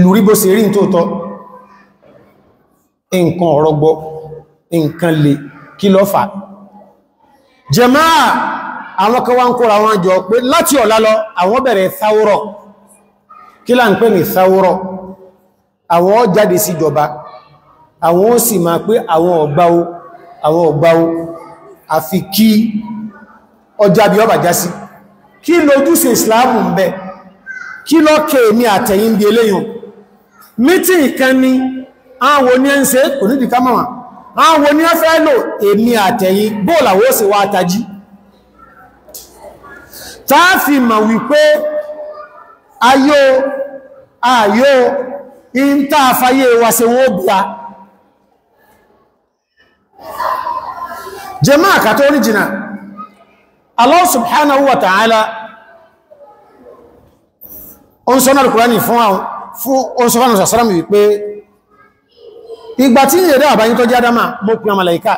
ìlú rí bó ṣe rí tó tọ́ nǹkan ọ̀rọ̀gbọ́ nǹkan lè kí lọ fà jàmáà àwọn kan wá ń kóra wọn jọ pé láti ọ̀la lọ àwọn bẹ̀rẹ̀ sáwúrọ̀ kí là ń pè ní sáwúrọ̀ àwọn jáde sí ìjọba àwọn ó sì máa pé àwọn ọ̀gbáwó àwọn ọ̀gbáwó àfi kí ọjà bí ọba já sí kí lójúṣe ìsìláàmù ń bẹ kí lọ́kẹ̀ẹ́ ní àtẹ̀yìn bí eléyìn mítìn kan ni àwọn oní ẹ́ ń ṣe kò nídìí ká mọ̀wà àwọn oní ẹ́ fẹ́ lò èmi àtẹ̀yí bóòlàwó sì wá tají tààfì mà wípé ayó ayó in tààfàyé wa se wọ́n bíá jẹmọ́ àkàtọ́ oríjìnà Allah subhanahu wa ta'ala ó ń qurani fún àwọn fún oṣùfánà sàṣọ́rọ̀mù wípé ìgbà tí ní ẹ̀dá àbáyín tó jẹ́ adama mo pín àmàlàíkà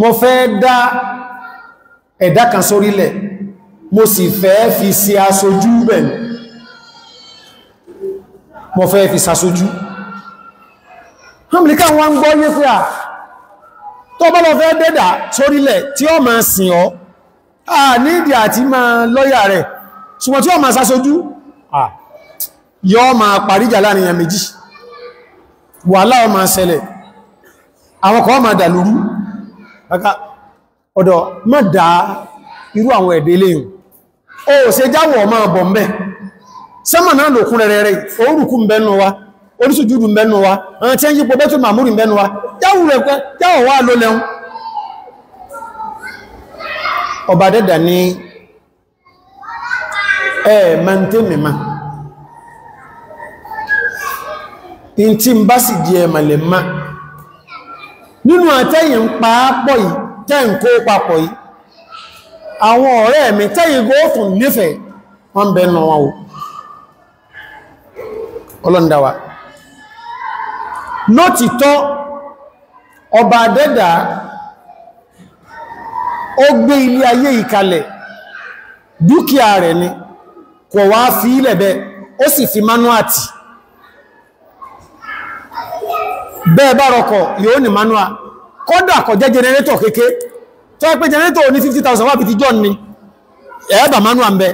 mo fẹ́ dá ẹ̀dá kan sórílẹ̀ mo sì fẹ́ fi sí aṣojú bẹ̀ mo fẹ́ fi sàṣojú hàmìlíkà wọ́n gbọ́ yé fíà tó bá lọ fẹ́ dẹ́dà sórílẹ̀ tí ó máa sìn ọ́ à nídìí àti máa lọ́yà rẹ̀ ṣùgbọ́n tí ó máa sàṣojú ah yọ́ ma paríjà láàrin èèyàn méjì wàhálà ó máa ṣẹlẹ̀ àwọn kan ma dà lúrú kàkà ọ̀dọ̀ má dá irú àwọn ẹ̀dẹ́ léyìn o ṣe jáwọ̀ ma bọ̀ mẹ́ sẹ́mọ̀ náà lòkún rẹ̀rẹ̀ orùkú mbẹ́nu wa orísùjúdù mbẹ́nu wa àwọn tí ń yípo bẹ́tù màmúrì mbẹ́nu wa jáwọ̀ lẹ́un ọba dẹ́dà ní in tí ń bá sì di ẹ̀mà lè má nínú àtẹ́yìn pàápọ̀ yìí tẹ́yìn kó papọ̀ yìí àwọn ọ̀rẹ́ mi tẹ́yìn góòfùn nífẹ̀ẹ́ wọ́n bẹ̀ nà ọba adẹ́dà ó gbé ilé ayé ìkalẹ̀ dúkìá rẹ̀ ni kò fi ilẹ̀ bẹ́ fi manúàtì bẹ́ẹ̀ bá rọkọ̀ yóò ní manua kọ́dà kọ̀ jẹ́ generator kéké tó ẹ pé generator ní 50,000 wà bí ti john ni ẹ̀ẹ́bà manual ń bẹ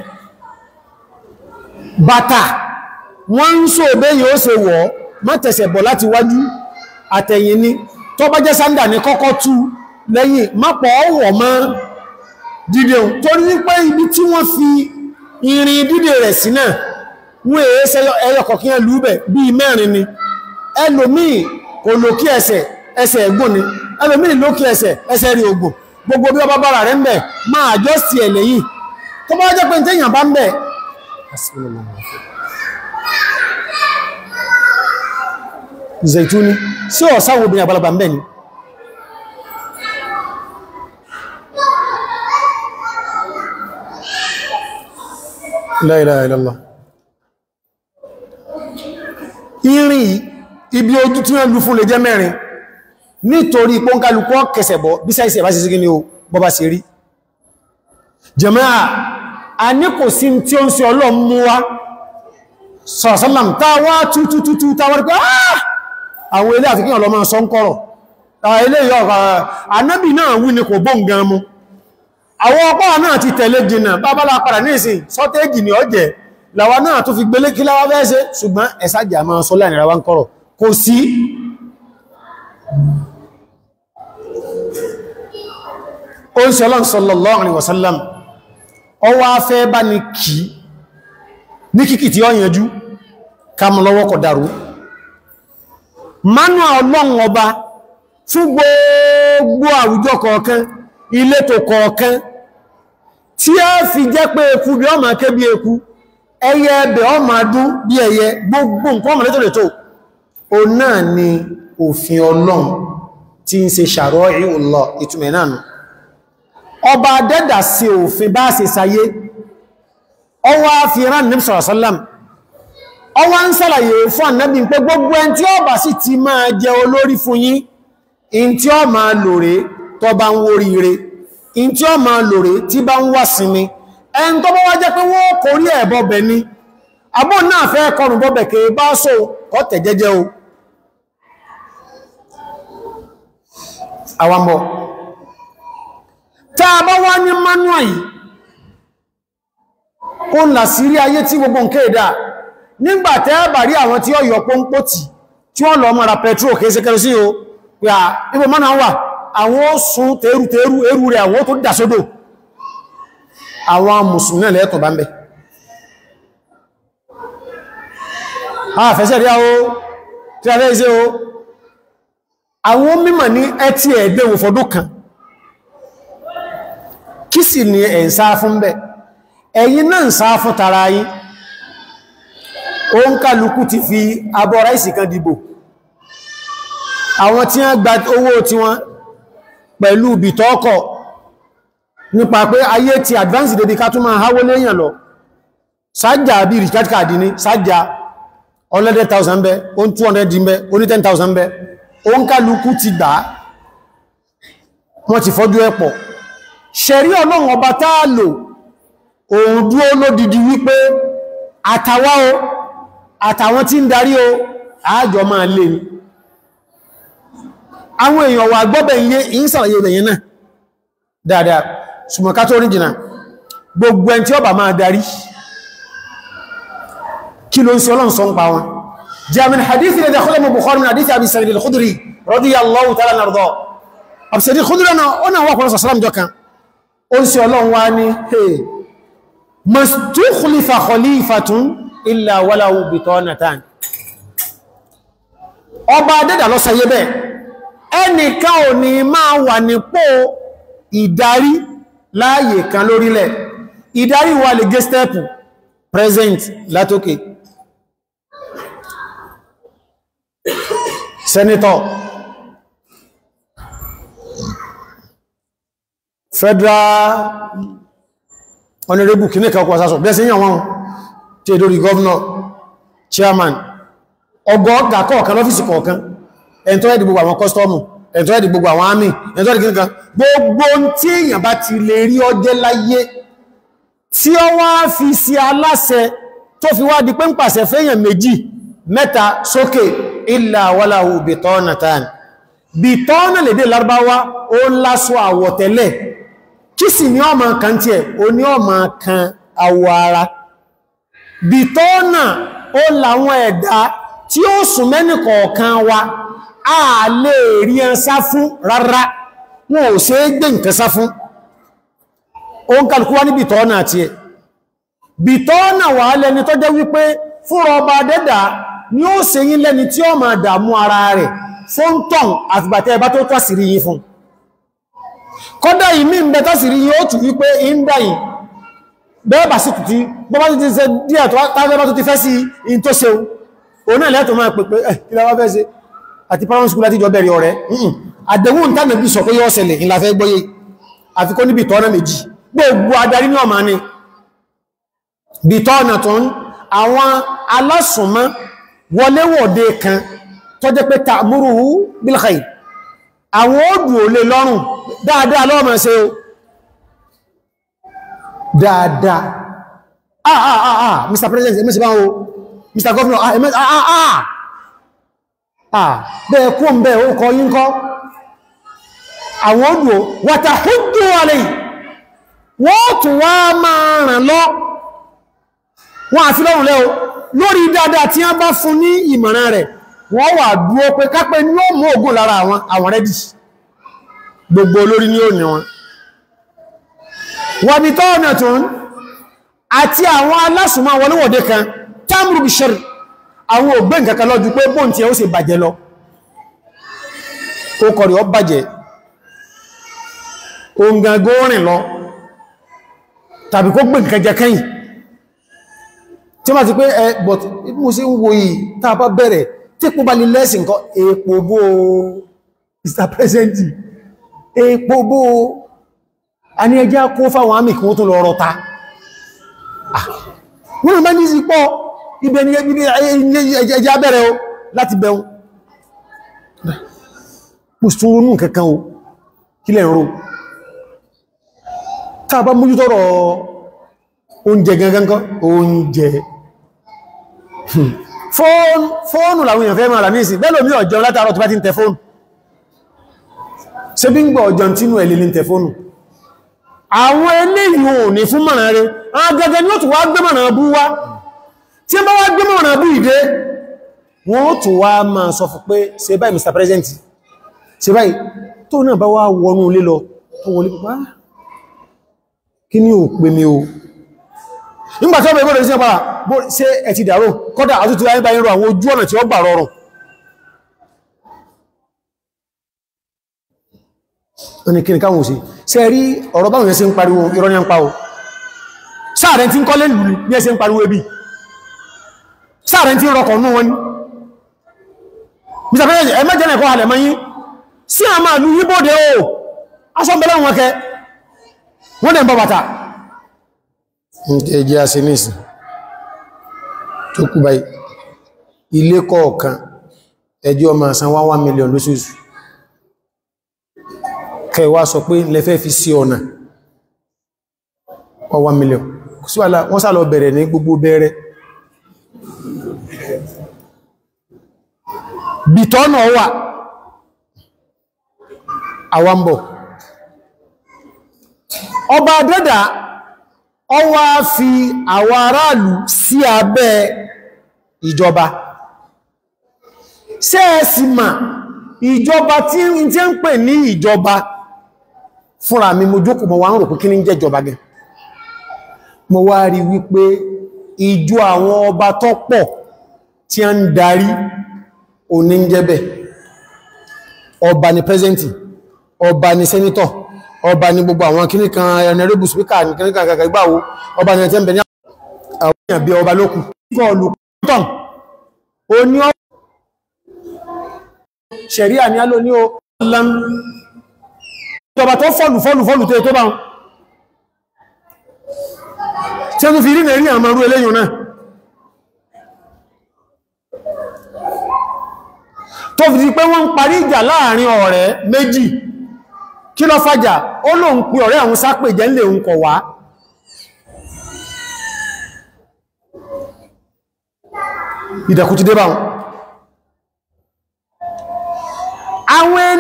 bàtà wọ́n ń so bẹ́yìn ó se wọ́ má tẹ̀sẹ̀ bọ̀ láti wájú àtẹ̀yìn ni tó bá jẹ́ ibi fi kò lókí ẹsẹ̀ ẹsẹ̀ ẹ̀gbọ́n ni ẹlòmíì lókí ẹsẹ̀ ẹsẹ̀ rí ògbò gbogbo bí ọba bára rẹ̀ ń bẹ̀ máa jọ́ sí ẹ̀ lẹ́yìn tó bá jẹ́ pé ní téèyàn bá ń bẹ̀ zaituni sí ọ̀sáwọn obìnrin àgbàlagbà ń bẹ̀ ni la ibi ojú tí wọ́n lú fún lè jẹ́ mẹ́rin nítorí pọ́nkálukọ́ kẹsẹ̀bọ̀ bí sáìsẹ̀ bá ṣe sí gíní o bọ́bá ṣe rí jàmáà a ní kò sí tí ó ń ṣe ọlọ́run mú wá sọ̀rọ̀sọ́làm táwá tútútútú táwá rí pé ah! àwọn ilé àfikún ọlọ́mọ sọ ń kọ́rọ̀ náà ni kò bó nǹkan mu àwọn ọpọ́ náà ti tẹ̀lé jìnà bábálá padà ní ìsìn ni ọjẹ́ làwa náà tó fi gbélé kí láwá fẹ́ ṣe ṣùgbọ́n ẹ̀sájà máa sọ láìnira ń kọ́rọ̀ kò sí o ń sọ lọ́n sallallahu alaihi wasallam ọ wá fẹ́ bá ní kí ní kíkì tí ó yanjú kàmù kọ̀ dàrú mánú ọlọ́run ọba fún gbogbo àwùjọ kọ̀ọ̀kan ilé tó kọ̀ọ̀kan tí fi jẹ́ pé eku bí ọmọ akẹ́ bí eku ẹyẹ gbogbo nǹkan ọmọ o náà ni òfin ọlọ́run tí ń ṣe ṣàrọ́ ìrùlọ ìtumẹ̀ náà nù ọba dẹ́dà sí òfin bá ṣe sayé ọwọ́ àfihàn ní sọ̀rọ̀sọ́lám ọwọ́ ń sàlàyé fún ànábì pé gbogbo ẹn tí ọba ti máa jẹ olórí fún yín in ọ máa lòrè tó bá ń ire in ọ máa lòrè tí bá ń sinmi ẹn tó bá wá jẹ́ pé wọ́n kò rí sọ kọ́tẹ̀ jẹ́jẹ́ o àwambọ̀ tá a bá wá ní manual yìí ó ń là sí rí ayé tí gbogbo nǹkan èdà nígbàtẹ́ àbàrí àwọn tí ó yọ pọ́npọ́ tì tí wọ́n lọ mọ́ra petrol kèése kẹrẹsí o pẹ̀à ibò mọ́nà wà àwọn sun tẹ́rù tẹ́rù ẹrù rẹ̀ àwọn tó dàsódò àwọn mùsùlùmí lẹ́ẹ̀tọ̀ bá ń bẹ àfẹ́sẹ̀ rí àwọ́ tí àwọn mímọ̀ ní ẹtí ẹ̀gbẹ́ òfòdó kan kí sì ni ẹ̀ ń sá fún bẹ́ ẹ̀yin náà ń sá fún tara yín ó ń kálukú ti fi abọ́ ráìsì kan dìbò àwọn tí wọ́n gba owó tí wọ́n pẹ̀lú bìtọ́ọ̀kọ̀ nípa pé ayé ti advance débi ká tún máa háwó léyàn lọ sájà bí richard card sájà 100,000 bẹ́ 200 bẹ́ 10,000 bẹ́ òǹkàlùkù ti gbà wọ́n ti fọ́jú ẹ̀pọ̀ ṣẹ̀rí ọlọ́run ọba táà lò òun dúó lódìdí wípé atawa o àtàwọn tí ń darí o àájọ máa lè ní àwọn èèyàn wà gbọ́bẹ̀ ilé ìsàlàyé ìrẹ̀yìn náà dáadáa ṣùgbọ́n tó rí gbogbo ẹn tí ọba máa darí kí ló ń sọ ọlọ́run sọ ń pa wọn جاء من حديث الذي أخرجه البخاري من حديث أبي سعيد الخدري رضي الله تعالى عنه أبي سعيد الخدري أنا أنا وأخو رسول الله دوكا أنسي الله واني هي ما استخلف خليفة إلا ولو بطانتان ọba adẹ́dà lọ sọ yẹ́bẹ̀ ẹnìkan ò ní máa wà nípò ìdarí láàyè kan lórílẹ̀ ìdarí wà lè gé stẹ́pù present látòkè okay. sẹ́nitọ̀ federal honorable kìníkà ọkọ̀ sásọ̀ bẹ́ẹ̀ sí yàn tí è lórí governor chairman ọgọ́ gàkọ́ ọ̀kan lọ́fíìsì kọ̀ọ̀kan ẹ̀ntọ́ẹ̀dì gbogbo àwọn kọ́stọ́mù ẹ̀ntọ́ẹ̀dì gbogbo àwọn àmì ẹ̀ntọ́ẹ̀dì kìníkà gbogbo tí èyàn bá ti lè rí ọjẹ́ láyé tí ó wá fi di pé ń pàṣẹ fẹ́yàn méjì ìlà wàláhù bìtọ́nà tán bìtọ́nà lédè lárúbáwá ó lásọ àwọ̀tẹ́lẹ̀ kí sì ní ọmọ kan tí ẹ̀ o ní ọmọ kan àwọ̀ ara bìtọ́nà ó làwọn ẹ̀dá tí ó sùn mẹ́nì kọ̀ọ̀kan wa a lè rí ẹn sá fún rárá wọn ò ṣe é gbé nǹkan sá fún ó ń kàlùkú wá ní bìtọ́nà àti ẹ̀ bìtọ́nà wà lẹ́ni tó jẹ́ wípé fúnra ni ó se yín lẹ́ni tí ó máa dàmú ara rẹ̀ fún tọ́n àfìgbàtẹ́ ẹbá tó tàṣírí yín fún kọ́dá yìí mí ń bẹ tàṣírí yín ó tù wípé in dáyìn bẹ́ẹ̀bà sí tù tí bọ́bá tó ti ṣe díẹ̀ tó ti fẹ́ sí in tó ṣe o náà lẹ́tọ̀ máa pẹ̀pẹ̀ ìlàwà eh, fẹ́ ṣe àti primary school láti jọ bẹ̀rẹ̀ ọ̀rẹ́ àdẹ̀wò ìtànà bí sọ pé yọ́ ṣẹlẹ̀ ìlàfẹ́ gbọ́yé àfikọ́ níbi tọ́nà méjì gbogbo adarí ní ọmọ ni bí tọ́nà tó ń àwọn alásùnmọ́ wọléwọ̀dé kan tó jẹ́ pé tààmúrù bil khair àwọn òdù ò lè lọ́rùn dáadáa lọ́mọ̀ ṣe o dáadáa ah ah ah ah Mr. President emesi bá o Mr. Governor ah emesi ah ah ah ah bẹ́ẹ̀ kú ń bẹ́ẹ̀ ó kọ yí ń kọ́ àwọn òdù wàtàhúdù wà lè wọ́n tún wá máa ràn lọ́ọ́ wọ́n àfi lọ́rùn lẹ́ o lórí dáadáa tí wọ́n bá fún ní ìmọ̀ràn rẹ̀ wọ́n wà dúó pé kápẹ́ ní ó mú ogun lára àwọn àwọn rẹ́dì gbogbo olórí ní òní wọn wàbí tọ́ọ̀nà tó ń àti àwọn alásùnmọ́ wọléwọ̀dé kan tamru bishari àwọn ògbé nǹkankan lọ́jú pé bóǹtí ẹ̀ ó sì bàjẹ́ lọ kó kọ̀rì ọ bàjẹ́ òǹgàngó rìn lọ tàbí kó gbé nǹkan jẹ kẹ́yìn tí ma ti pé ẹ eh, but mo sí ń wo yìí tá a bá bẹ̀rẹ̀ tí kò bá lè lẹ́sìn nǹkan èèpo bó Mr. President èèpo bó a ní ẹjẹ́ kó fáwọn àmì kí wọ́n tó lọ rọta ah, wọ́n rẹ̀ mẹ́ni ìsìpọ̀ ibẹ̀ ni ẹjẹ́ abẹ́rẹ̀ o láti bẹ̀rún pùsùnrúnù kankan o kí lẹ́ ro ká bá mójútọ́rọ̀ oúnjẹ gangan oúnjẹ fóònù fóònù làwọn èèyàn fẹ́ mọ́ àràmísì bẹ́ẹ̀ lómi ọjọ́ látàrọ tó bá ti ń tẹ fóònù ṣe bí ń gbọ́ ọjọ́ tínú ẹ̀lẹ́ ní tẹ fóònù àwọn eléyìn ò ní fún mọ̀ràn rẹ̀ agagẹ́ ni ó tún wá gbé mọ̀ràn bú wá tí bá wá gbé mọ̀ràn bú ìdé wọ́n ó tún wá máa sọ fún pé ṣe báyìí Mr. President ṣe báyìí tó náà bá o nígbàtí ọmọ ìgbọ́nà sí ọpàá bó ṣe ẹ̀tì ìdàrò kọ́dà àtútù ayé báyìí rọ àwọn ojú ọ̀nà tí ó gbà rọrùn oníkiri káwọn òsì ṣe rí ọ̀rọ̀ báwọn yẹn ṣe ń pariwo ìrọ́ni ń pawó sáàrẹ̀ tí ń kọ́lé lù ní ẹsẹ̀ ń pariwo ẹbí sáàrẹ̀ tí ń rọkọ̀ nú wọn ni wọ́n dẹ̀ ń bọ̀ bàtà ẹjẹ́ asinisi tó kú báyìí ilé kọ̀ọ̀kan ẹjẹ́ ọmọ àsan wá 1 million lóṣooṣù kẹwa sọ pé lẹ́fẹ́ fi sí ọ̀nà ọ 1 million kò sí wàhálà wọ́n sàlọ bẹ̀rẹ̀ ní gbogbo bẹ̀rẹ̀ bìtọ́nà wà àwambọ̀ ọba dẹ́dàá ọ wá fi àwọn aráàlú sí abẹ́ ìjọba ṣé ẹ sì mà ìjọba tí ń tí ń pè ní ìjọba fúnra mi mo jókòó mọ̀ wá ń rò pé kí ní jẹ́ ìjọba gẹn mo wá rí wípé ìjọ àwọn ọba tó pọ̀ tí a ń darí oníjẹ́bẹ̀ ọba ni pẹ́sẹ̀ntì ọba ni sẹ́nitọ̀ ọba ní gbogbo àwọn kíní kan ẹnẹrẹ́bù spíkà ní kíní kan kàkà ìgbàwó ọba ní ẹ̀tẹ́ ń bẹ ní àwọn èèyàn bí ọba lókù fún olùkọ́tàn ó ní ọ ṣẹ̀rí àníyàn ló ní ó lọ́n ìjọba tó fọ́lù fọ́lù fọ́lù tó bá tí ó tún fi di pé wọ́n ń parí ìjà láàrin ọ̀rẹ́ méjì kí ló fàjà ó lóun pé ọ̀rẹ́ àwọn sápè jẹ́ ńlẹ̀ òun kọ̀ wá ìdẹ̀kù ti dé wọn àwọn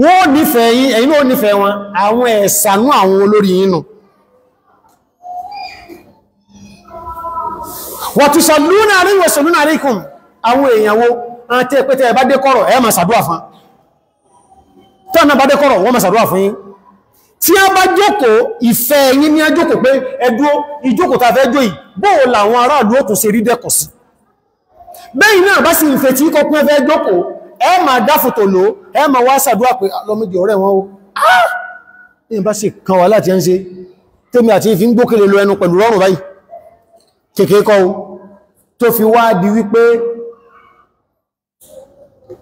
wọ́n nífẹ̀ẹ́ yín ẹ̀yin náà wọn àwọn ẹ̀sànú àwọn olórí yín nù wọ̀tùsọ̀lúnà rí wọ̀sọ̀lúnà rí kùn àwọn èèyàn wo àti ẹ̀pẹ́tẹ̀ ẹ̀bá dé kọ́rọ̀ ẹ̀ máa tọ́nà bá dẹ́kọ̀rọ̀ wọ́n mẹ́sàdúwà fún yín tí a bá jókòó ìfẹ́ yín ní a jókòó pé ẹdúó ìjókòó ta fẹ́ jó yìí bóò làwọn aráàlú ó tún ṣe rí dẹ́kọ̀ sí bẹ́yìn náà bá sì ń fẹ́ tí kọ́ pín ẹfẹ́ jókòó ẹ máa dáfòtò lò ẹ máa wá sàdúwà pé ah, lọ́mídì ọ̀rẹ́ wọn ó ní ah! bá sì kan wà láti ẹ́n ṣe tẹ́mi àti ìfi ń gbókèlè lọ ẹnu pẹ̀lú rọrùn báyìí kékeré kọ́ tó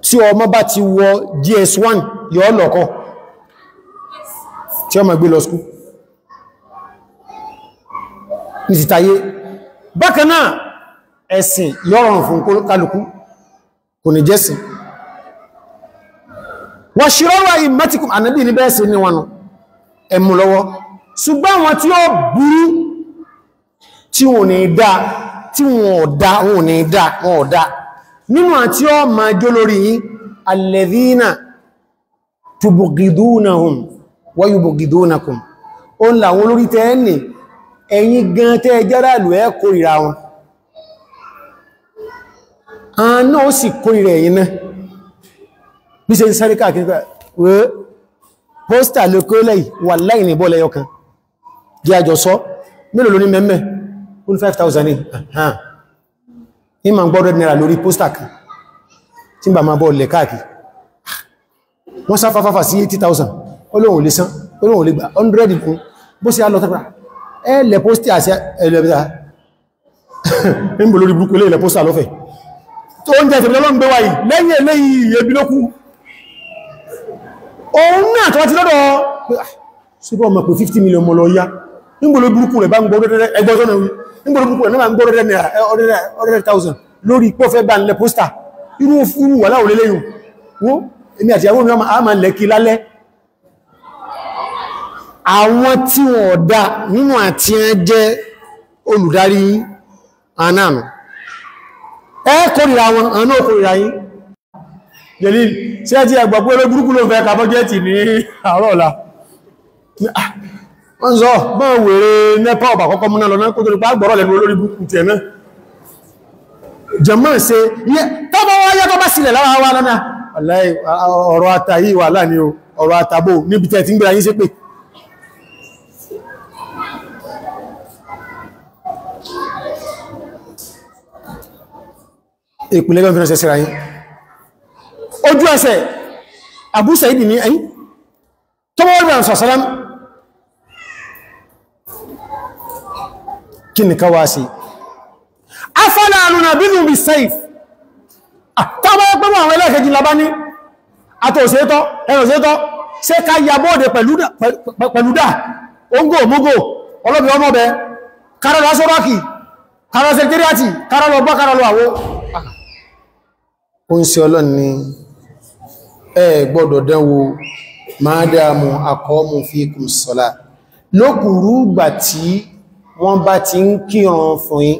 tí ọmọ bá ti wọ gs1 yọ lọ́kọ́ tí ọmọ gbé lọ skú ní ti tayé bákanáà ẹ̀sìn yọ́rọ̀rùn fún kálukú kò ní jẹ́sìn wà ṣírọ́wà ìmẹ́tìkùn ànábì ní bẹ́ẹ̀sì ní wọn ẹ̀mù lọ́wọ́ ṣùgbọ́n wọn tí ó burú tí wọn ò ní dá tí wọn ò dá wọn ò ní dá wọn ò dá nínú àti ọ ma jó lórí yí alladhina tubghidunahum wa yubghidunakum o ń làwọn olórí tẹ́ẹ̀nì ẹ̀yin gan tẹ́ jẹ́rà lù ẹ́ kórìíra wọn àwọn náà ó sì kórìíra ẹ̀yin náà bí ṣe ń sáré káàkiri wẹ́ ní ma gbọ́rọ̀ náírà lórí póstà kan tí bà máa bọ́ lẹ̀ káàkì wọ́n sáfáfáfà sí 80,000 olóhun lè san olóhun lè gbà 100 fún bó sí alọ́tọ́pàá ẹ̀lẹ̀ póstà àti ẹ̀lẹ̀bẹ̀ta ń bò lórí burúkú ilé ilẹ̀ póstà lọ́fẹ̀ tó ń jẹ́ ìfẹ̀lọ́lọ́ ń gbé wáyìí lẹ́yìn eléyìí ebi lókú òun náà tó 50 ah, million mọ́ lọ yá nígbòló burúkú rẹ̀ bá ń gbọ́rẹ̀ ẹgbọ́sọ́nà wí nígbòló burúkú rẹ̀ náà ń gbọ́rẹ̀ ọ̀rẹ́rẹ̀ thousand lórí pọ́fẹ́ bá ń lẹ póstà irú fúrú wà láwọ̀ lélẹ́yìn wó èmi àti àwọn mìíràn àmà lẹ́kí lálẹ́ àwọn tí wọ́n dá nínú àti ẹ jẹ́ olùdarí anáàmù ẹ kórìíra wọn àná kórìíra yín jẹ́lì sí ẹ ti ẹgbà pé olóburúkú ló fẹ́ kàbọ́jẹ́tì ní àárọ̀ ọ̀la wọ́n sọ bọ́n wèrè nẹ́pà ọ̀bà kọ́kọ́ múná lọ náà kó tó nípa gbọ́rọ̀ lẹ́nu olórí búkú tẹ̀ náà jẹ̀mọ́ ṣe yẹ tọ́bọ̀ wá yẹ́ tọ́bá sílẹ̀ lára wá lọ́nà ọ̀rọ̀ ata yìí wà láàní ọ̀rọ̀ àtàbò níbi tẹ̀ tí ń gbèrà yí sí pé ìpìlẹ̀ gan fínà sẹ́sẹ̀ra yìí ojú ẹsẹ̀ Abu Sa'id ní ẹ̀yìn tọ́bọ̀ kí ni káwàá sí afọ́lá àrùnà bínú bí saif ah, tàbá pẹ́mọ̀ àwọn ẹlẹ́kẹjì labá ní àtòsétọ́ ẹ̀rọ̀sétọ́ ṣe ká yàbóòdè pẹ̀lúdà oúngò múgò ọlọ́bì ọmọbẹ karọlọ sọ́rọ́kì karọlọ sẹkẹrìàtì karọlọ bá karọlọ àwọ o ń se ọlọ́ni ẹ gbọ́dọ̀ dánwò máa dáa mú akọ́ mú fi kùn sọ́lá lókùrú gbà tí wọ́n bá ti ń kírun fún yín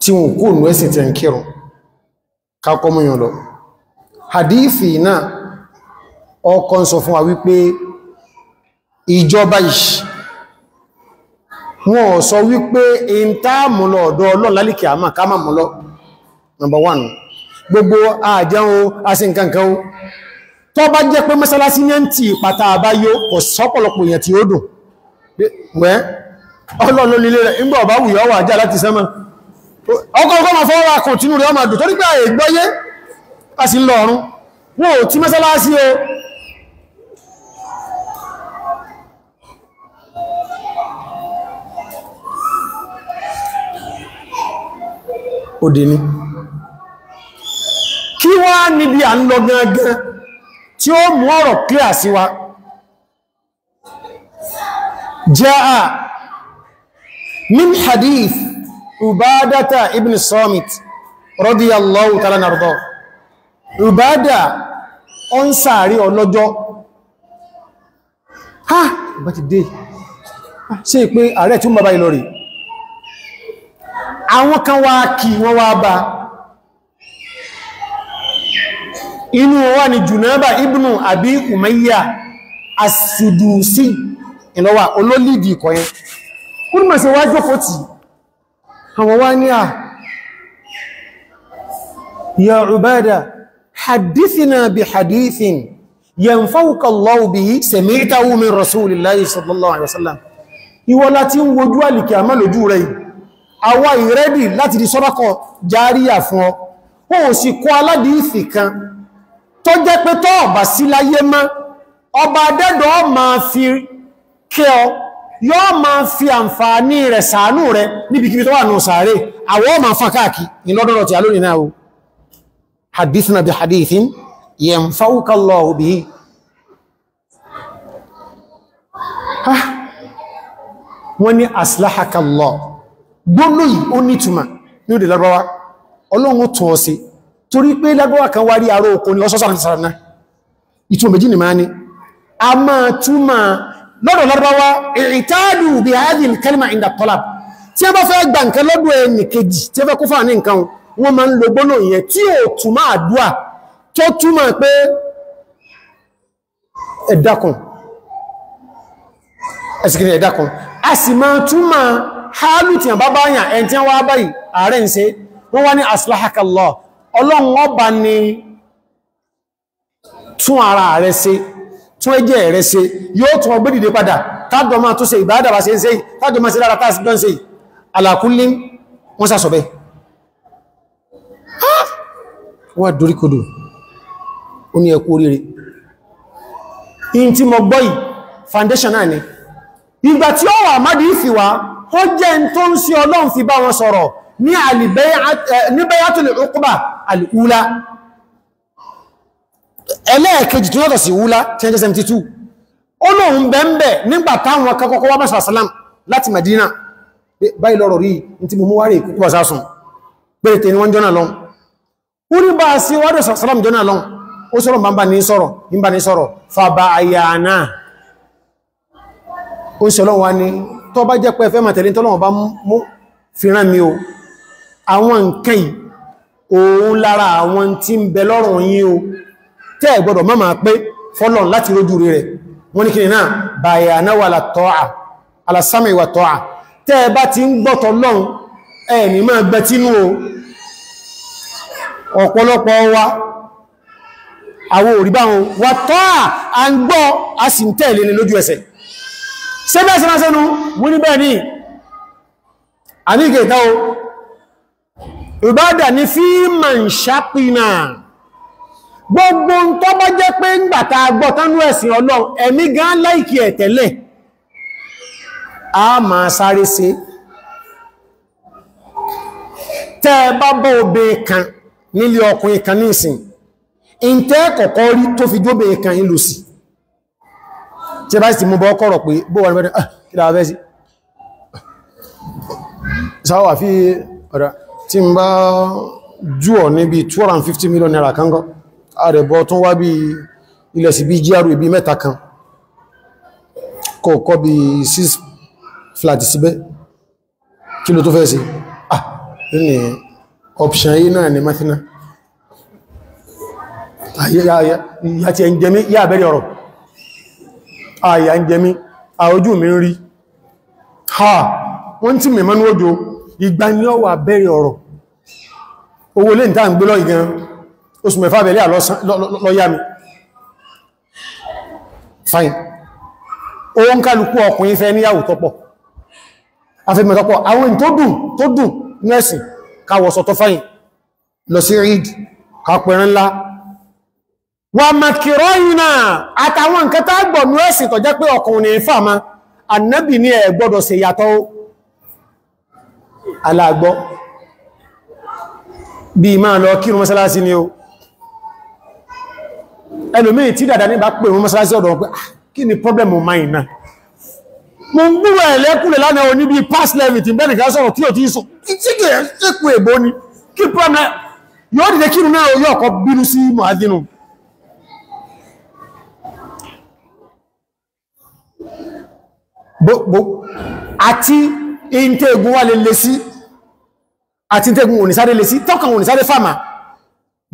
tí wọ́n kú nù ẹ̀sìn tí ń kírun kakọmọyàn lọ hadithi náà ọkọ̀ ń sọ fún wa wípé ìjọba yìí wọ́n sọ wípé in táàmù lọ ọ̀dọ̀ ọlọ́run lálìkì àmà ká máa mú number one gbogbo àjẹun asìnkankan tó bá jẹ́ pé mẹ́sálásí ní ẹ̀ ń tì pàtà àbáyó kò sọ́pọ̀lọpọ̀ èèyàn tí ó dùn wẹ́ ọlọ́lọ́ nílé rẹ̀ ń gbọ́ ọ̀bá wùyọ́ wà já láti sẹ́mọ̀ ọkọ̀ ọkọ̀ máa fọ́wọ́ àkọ̀tínú rẹ̀ ọmọ àdò tó nígbà ìgbọ́yé a sì ń lọ ọ̀run wọ́n ò tí mẹ́sálásí o ó dì ní kí wá níbi à ń lọ gangan tí ó mú ọ̀rọ̀ clear sí wa جاء من حديث عبادة ابن الصامت رضي الله تعالى نرضاه عبادة أنصاري ọlọ́jọ́ ha bá ti dé ṣe pé ààrẹ tí ó bàbá ìlọ rẹ̀ àwọn kan wá kí wọ́n wá bá inú wà ní Junaba ibnu Abi Umayya as-Sudusi ìlọ́wà olólìdì ikọ̀ yẹn ó ní mẹ́sẹ̀ wá jókòó tí àwọn wá ní à ya Ubada hadithina bi hadithin yanfauka Allahu bihi sami'tahu min rasulillahi sallallahu alaihi wasallam ìwọ láti ń wojú àlìkì àmà lójú rẹ̀ àwa ìrẹ́dì láti di sọ́rọ́kọ̀ járíyà fún ọ ó sì kọ́ aládìífì kan tó jẹ́ pé tọ́ ọ̀bà sí láyé má ọba adẹ́dọ̀ ma fi kí ọ yóò n fi àǹfààní rẹ̀ sàánú rẹ̀ níbikíbi tó wà náà sàárè àwọ́ ma fa káàkì ìlọ́dọ̀rọ̀ tí a lónìí náà o na bi hadithin yanfa'uka Allahu bihi wọ́n ní aslahaka Allah gbónú yìí ó nítùmà ní òdè lágbàwá ọlọ́run tún ọ sí torí pé kan ọsọ́sọ́ lọ́dọ̀ lọ́rọ̀wá ìrìtádù bí hadhihi al-kalima inda talab tí a bá fẹ́ gbà nǹkan lọ́dọ̀ ẹni kejì tí a fẹ́ kó fà ní nǹkan wọn ma ń lo gbónà yẹn tí ó túnmà àdúà tó túnmà pé ẹ̀dàkùn a sì ma túnmà hálù tí a bá báyàn ẹni tún ara rẹ̀ ṣe tún ẹjẹ́ rẹ̀ ṣe yóò tún ọgbé dìde padà tájọ máa tó ṣe ìbáadàbà ṣe ń ṣe tájọ máa ṣe lára táàsì gbọ́n ṣe alákúnlé wọ́n sàṣọ̀bẹ́ wà doríkodò ó ní ẹkú oríire in tí mọ gbọ́ yìí foundation náà ìgbà tí ó wà mádìí fi wá ó jẹ́ ń tó ń sí ọlọ́run fi bá wọn sọ̀rọ̀ ní àlìbẹ́yàtò eh, lè ẹlẹ́ẹ̀kejì tó yọ́tọ̀ sí wúlá 1072 olóhun bẹ̀m̀bẹ̀ nígbà táwọn akẹ́kọ́kọ́ wá mẹ́sàn sálám láti Madina báyìí lọ́rọ̀ rí tí mo mú wárẹ̀ púpọ̀ sásun péréte ni wọ́n jọ́nà lọ orí bá sí wádọ̀ sálám jọ́nà lọ ó sọ́rọ̀ bá ní sọ́rọ̀ ń bá ní sọ́rọ̀ fàbà àyànà ó sì ọlọ́wọ́ ni tó bá jẹ́ pé fẹ́ màtẹ̀lé tọ́lọ́wọ́ bá mú fìran mi o àwọn nǹkan òun lára àwọn tí ń bẹ lọ́rùn yín o tẹ́ ẹ̀gbọ́dọ̀ má máa pé fọ́lọ̀n láti rójú rẹ̀ wọ́n ní kí náà bàyàná wà látọ́à alásàmì wà tọ́à tẹ́ ẹ bá ti ń gbọ́tọ̀ lọ́n ẹni máa gbẹ tínú ọ̀pọ̀lọpọ̀ wa àwọ òrìbá wọn wà tọ́à a ń gbọ́ a sì ń tẹ̀lé ní lójú ẹsẹ̀ ṣe bẹ́ẹ̀ sí lásánú wọ́n ní bẹ́ẹ̀ ìbádà ní fí ń ṣápínà gbogbo ń tọ́ bá jẹ́ pé ń agbọ́tánú ẹ̀sìn ọlọ́run ẹ̀mí gan láìkí a máa sáré ṣe tẹ́ bá bọ́ obe kan nílé ọkùnrin kan ní ìsìn ìntẹ́ kọ̀kọ́ rí tó fi jóbe kan ìlú àrẹ̀bọ̀ tún wá bí ilẹ̀ sí bí gr ibi mẹ́ta kan kọ̀ọ̀kọ́ bí 6 flat síbẹ̀ kí ló tó fẹ́ sí ah ní option yìí náà ni mẹ́tíná àti ẹnjẹmí yà bẹ̀rẹ̀ ọ̀rọ̀ àyà ah, ẹnjẹmí àójú ah, mi ń rí ha wọ́n tí mẹ́mọ́ ní ojú ìgbà ni ọwà bẹ̀rẹ̀ ọ̀rọ̀ owó lè ń tàà ń gbé oṣù mẹ́fà bẹ̀lẹ́ lọ́yá mi fine o ń kálukú ọkùnrin fẹ́ níyàwó tọ́pọ̀ afẹ́mẹ́ tọ́pọ̀ àwọn tó dùn tó dùn nẹ́sìn káwọ̀sọ̀ tó fáyìn lọ sí ríd kápẹ̀rẹ́ ńlá wà màkìrọ́ ìnà àtàwọn nǹkan tá gbọ̀ nẹ́sìn tó jẹ́ pé ọkùnrin fàmà annabi ní ẹ̀ ẹlòmíì tí dàdà ní bá pè wọ́n mọ́sálásí ọ̀dọ̀ pé ah, kí ni problem mine náà mo ń gbúwẹ̀ ẹ̀lẹ́kùnlẹ̀ lánàá oní bí pass level tí bẹ́ẹ̀ nìkan sọ̀rọ̀ tí ò tí sọ tí kì í ṣèkù ègbó ni kí problem yóò dìde kírun náà yóò kọ bínú sí mọ̀ádínú àti ìntẹ́gun wà lè lè sí àti ìntẹ́gun ònìsáré lè sí tọ́kàn ònìsáré fàmà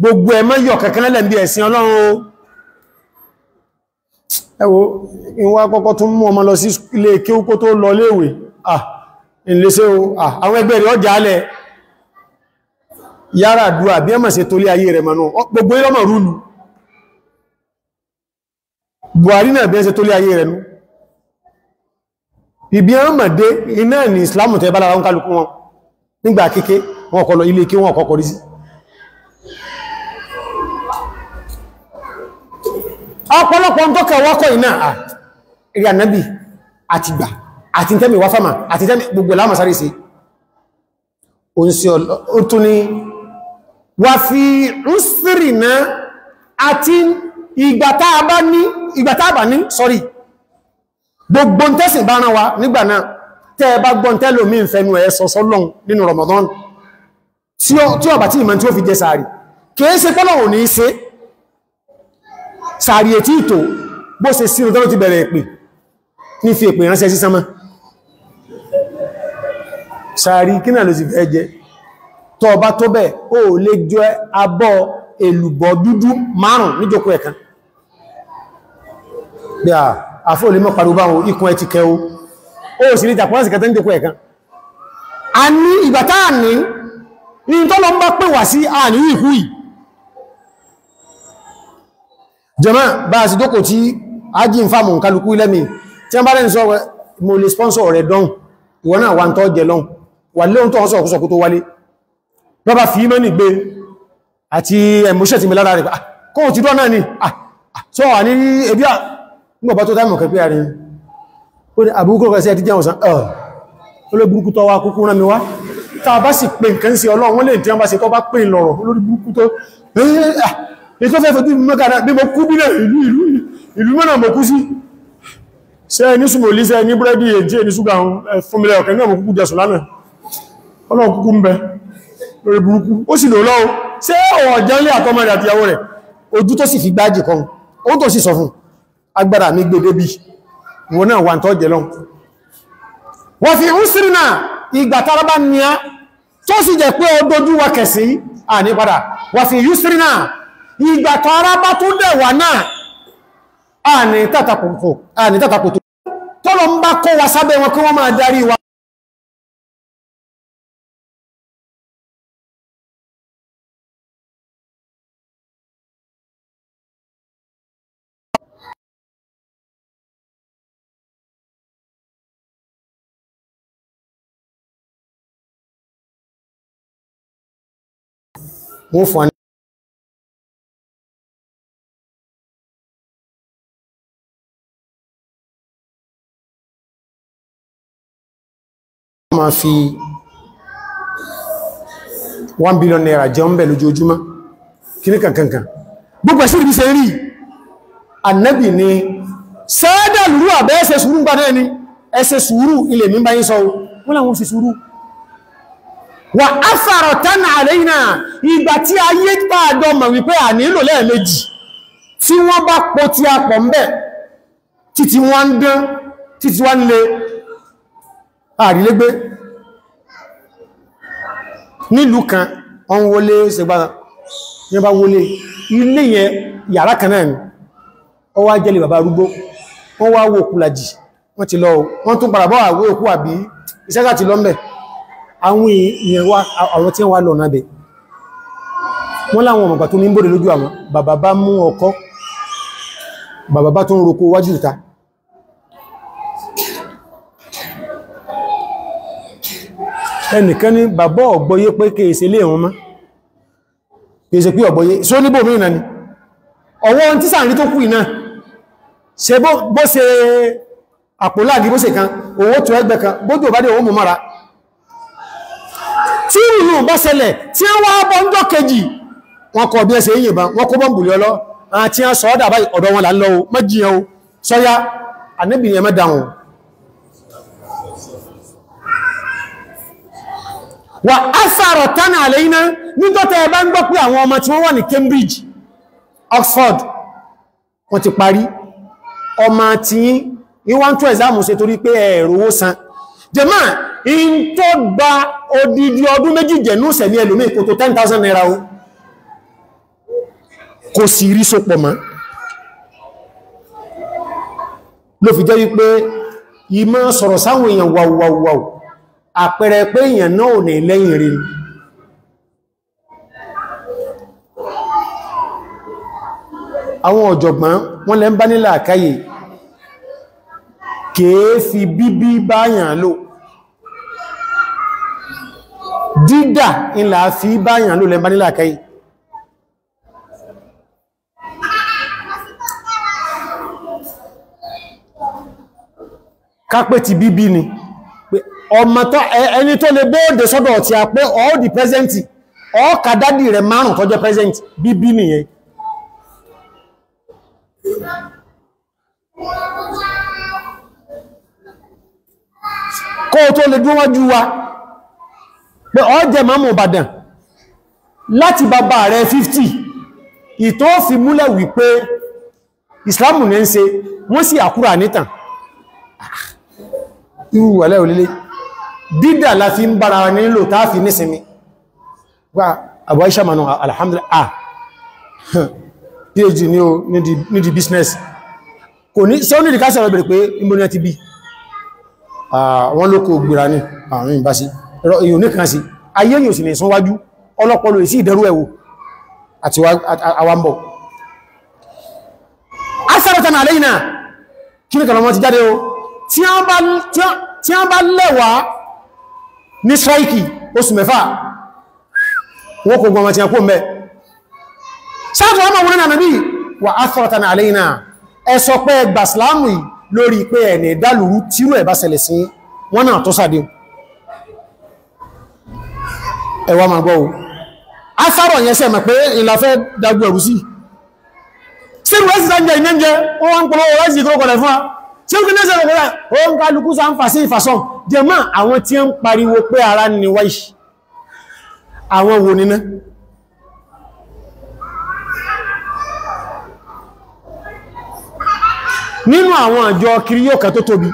gbogbo ẹ̀mọ́ yọ̀ kankan lẹ́lẹ̀ bí ẹ̀sìn ọlọ́run ẹwọ ìwọ́n akọ́kọ́ tún mú ọmọ lọ sí ilé kí ó kó tó lọ léèwé ah ìlẹ́sẹ́ o ah àwọn ẹgbẹ́ rẹ̀ ọjà alẹ́ yára àdúrà bí ẹmà ṣe tólé ayé rẹ̀ mọ̀nà gbogbo Buhari na bí ẹ ṣe tólé ayé rẹ̀ nú ibi ẹmàdé iná ní Islam tẹ́ bá lára ń wọn nígbà wọn ilé kí wọn ọ̀pọ̀lọpọ̀ ń tọ́kẹ̀ wọ́kọ̀ iná ìrànàbì àti gbà àti tẹ́mì wáfàmà àti tẹ́mì gbogbo láàmà sáré sí o ń sí ọ̀tún ni wà fi rúsìrì náà àti ìgbàtàbà ní ìgbàtàbà gbogbo tẹ́sìn bá rán wa nígbà náà tẹ́ bá gbọ́n tẹ́lò mí ìfẹ́nu ẹ̀ Ramadan tí ọ̀bà tí ìmọ̀ tí ó fi jẹ sàárì kìí sàárì ètí ìtò bó ṣe sínú tọ́lọ́ ti bẹ̀rẹ̀ ìpè ní fi ìpè ránṣẹ́ sí sánmà sàárì kí náà ló sì fẹ́ jẹ tọ́ ọba tó bẹ̀ ó lè jọ abọ́ èlùbọ́ dúdú márùn níjòkó ẹ̀kan bí a àfó olè mọ́ pariwo báwọn ikun ẹ ti kẹ o ó sì rí ìtàkùn láti kẹta níjòkó ẹ̀kan a ní ìgbàtáà ní ní ń bá pè wà sí àníwì ìhú yìí jẹmọ́ bá a sì dókò tí a jí ń fàmù kálukú ilẹ́mi tí a bá rẹ̀ ń sọ mo lè sponsor rẹ̀ dán ìwọ náà wà ń tọ́ jẹ lọ́n wà léun tó ọ̀sọ̀ ọ̀kúsọ̀kú tó wálé lọ́bá fi mẹ́ni gbé àti ẹ̀mọ́ṣẹ́ ti mẹ́lára rẹ̀ ah, kó ti dọ́ náà ni ah, ah, sọ wà ní ebi à nígbàbá tó táìmù kẹfẹ́ rẹ̀ ó ní àbúrúkú rẹ̀ sí ẹ̀ ti jẹun sàn ọ̀ olórí burúkú tó wá kúkú rán mi wá pè nǹkan sí ọlọ́run lè tí bá sì kọ́ bá pè lọ́rọ̀ olórí burúkú tó eh, ètò fẹ́fẹ́ tí mọ́kànlá bí mo kú bílẹ̀ ìlú ìlú ìlú mọ́nà mo kú sí ṣe ní sùmòlí ṣe ní búrẹ́dì èjì ní ṣúgà fúnmílẹ̀ ọ̀kẹ́ náà mo kúkú jẹ́ sùlánà ọlọ́run kúkú ń bẹ lórí burúkú ó sì lò lọ́wọ́ ṣe ọ̀wọ̀ jẹ́lé àtọmọ rẹ̀ àtìyàwó rẹ̀ ojú tó sì fi gbájì kan ó wọ́n fi ń wa kẹ̀sí à ní padà wọ́n ìgbà tó ara bá tún dẹ̀ wà náà àní tàtàkùnfò àní tàtàkùtù tọ́lọ ń bá kó wa sábẹ́ wọn kí wọ́n máa darí wa wọ́n fún máa fi 1 billion naira jẹun bẹ̀ lójoojúmọ́ kí ní kankankan gbogbo ẹ̀sìn ìbí se rí annabi ni sáádà lúrú àbẹ́ ẹsẹ̀ sùúrù ń gbádẹ́ ni ẹsẹ̀ sùúrù ilẹ̀ mi bá yí sọ wọ́n láwọn ṣe sùúrù wà áfàrọ̀ tánà àlẹ́yìnà ìgbà tí a yé pàádọ́ mọ̀ wípé à nílò lẹ́ẹ̀mejì tí wọ́n bá pọ̀ tí a pọ̀ ń bẹ̀ títí wọ́n ń dán títí wọ́n ń le àrílégbé nílùú kan wọ́n wọlé ṣẹgbàrá yẹn bá wọlé ilé yẹn yàrá kan náà ni ó wá jẹ́lẹ̀ bàbá arúgbó wọ́n wá wò òkú làjì wọ́n ti lọ wọ́n tún padà bọ́ àwọ́ òkú àbí ìṣẹ́sà ti lọ́m̀bẹ̀ àwọn èèyàn wá àwọn tí wọ́n wá lọ náà bẹ̀ wọ́n láwọn ọmọgbà ẹnìkan ní bàbá ọ̀gbọ́yé pé kèèsè lé wọn mọ́ kèèsè pé ọ̀gbọ́yé só níbò mí ìnà ni ọwọ́ tí sàárín tó kú ìná ṣe bó ṣe àpòláàgì bó ṣe kan owó tó ẹgbẹ́ kan bójú ò bá dé owó mú mara tí ìlú bá ṣẹlẹ̀ tí wọ́n bọ́ ń jọ kejì wọn kọ̀ bí ẹsẹ̀ yìnbọn wọn kó bọ́m̀bù lé ọlọ́ àti sọ́ọ́dà báyìí ọ̀dọ̀ wọn là ń lọ mẹ́jìyàn sọ́yá wà ásàrọ̀ tánà àlẹ́yìnà nítọ́tẹ̀ ẹ̀bá ń gbọ́ pé àwọn ọmọ tí wọ́n wà ní Cambridge Oxford wọ́n ti parí ọmọ tí ní wọ́n tó ẹ̀zámù ṣe torí pé ẹ̀rọwó san jẹ́mà in tó gba odidi ọdún méjì jẹ̀nú sẹ̀mí ẹlòmí kò tó 10,000 naira o kò sì rí sopọ̀ mọ́ ló fi jẹ́ wípé ìmọ̀ sọ̀rọ̀ àpẹẹrẹ pé èèyàn náà ò ní lẹ́yìn rí àwọn ọ̀jọ̀gbọ́n wọ́n lẹ ń bá nílà àkáyè kèé fi bíbí báyàn lò dídà ìlà fi báyàn lò lẹ ń bá nílà àkáyè kápẹ́ ti bíbí ni ọmọ tó ẹni tó lè bóòdè sọ́dọ̀ ti a pé all the present all kàdádì rẹ̀ márùn tó jẹ́ present bíbí nìyẹn kó tó lè dúró wájú wa pé ọ jẹ mọ́mù Ìbàdàn láti bàbá rẹ̀ 50 ìtọ́ fi múlẹ̀ wípé Ìsìlámù ní ń ṣe wọ́n sì àkúrà nítàn ah, irú wà lẹ́ òlélé dídà la fi ń bára nílò táà fi nísinmi gbá àbúwá iṣẹ́ manu alhamdulillah ah, phd ní o ní di business kò ní sí ó ní ìdíkásẹ̀ rẹ̀ bèèrè pé ìmúni ti bí ah, wọ́n ló kò gbìra ní àrùn ìbáṣí èyàn ní kan sí ayé yóò sì ní ìsúnwájú ọlọ́pọ̀lọ ìsí ìdẹ̀rú ẹ̀wò àti àwambọ̀ asẹ́rẹ̀tàn tí wọ́n bá lẹ́wàá ní ṣráìkì oṣù mẹ́fà wọ́n kò gbọmọ̀ tí a kó mẹ́ sáàtọ̀ ọmọ wọn náà bí wà áfọ́rọ̀tàn àlẹ́yìnà ẹsọ pé ẹgbà sláàmù lórí pé ẹ̀nà ìdálùrú tírú ẹ̀bá ṣẹlẹ̀ sí wọ́n náà tó sàdé ẹwà máa gbọ́ afárọ̀ yẹn tí ó gẹ́lẹ́sẹ̀ rẹ̀gbẹ̀rẹ̀ òun kálukú sá ń fà sí ìfàsọ́ jẹmọ́ àwọn tí ó ń pariwo pé ara ní wáyìí àwọn wo níná nínú àwọn àjọ kiri yóò kà tó tóbi